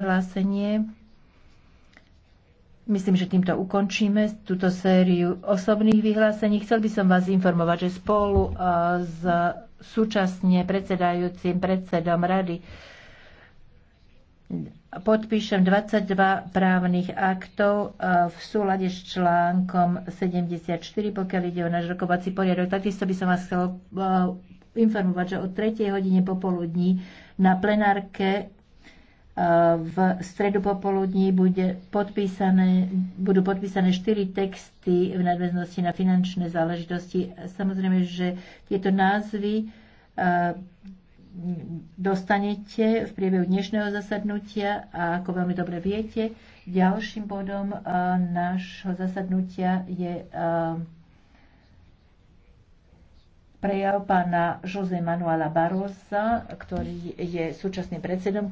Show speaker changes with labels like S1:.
S1: hlásenie. Myslím, že týmto ukončíme túto sériu osobných vyhlásení. Chcel by som vás informovať, že spolu eh, s súčasne predsedajúcim predsedom rady podpíšem 22 právnych aktov eh, v súlade s článkom 74, pokiaľ ide o náš rokovací poriadok. Takisto by som vás chcel eh, informovať, že o 3. hodine popoludní na plenárke v stredu popoludní bude podpísané, budú podpísané štyri texty v nadväznosti na finančné záležitosti. Samozrejme, že tieto názvy e, dostanete v priebehu dnešného zasadnutia a ako veľmi dobre viete, ďalším bodom e, nášho zasadnutia je e, prejav pána Jose Manuela Barosa, ktorý je súčasným predsedom